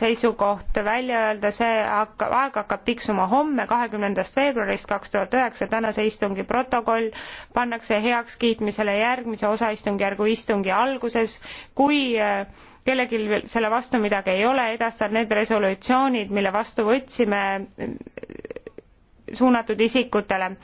seisukoht välja öelda, see hakkab, aeg hakkab tiksuma homme, kahekümnendast veebruarist kaks tuhat üheksa, tänase istungi protokoll pannakse heakskiitmisele järgmise osaistungjärgu istungi alguses, kui äh, kellelgi selle vastu midagi ei ole, edastan need resolutsioonid, mille vastu võtsime äh, suunatud isikutele.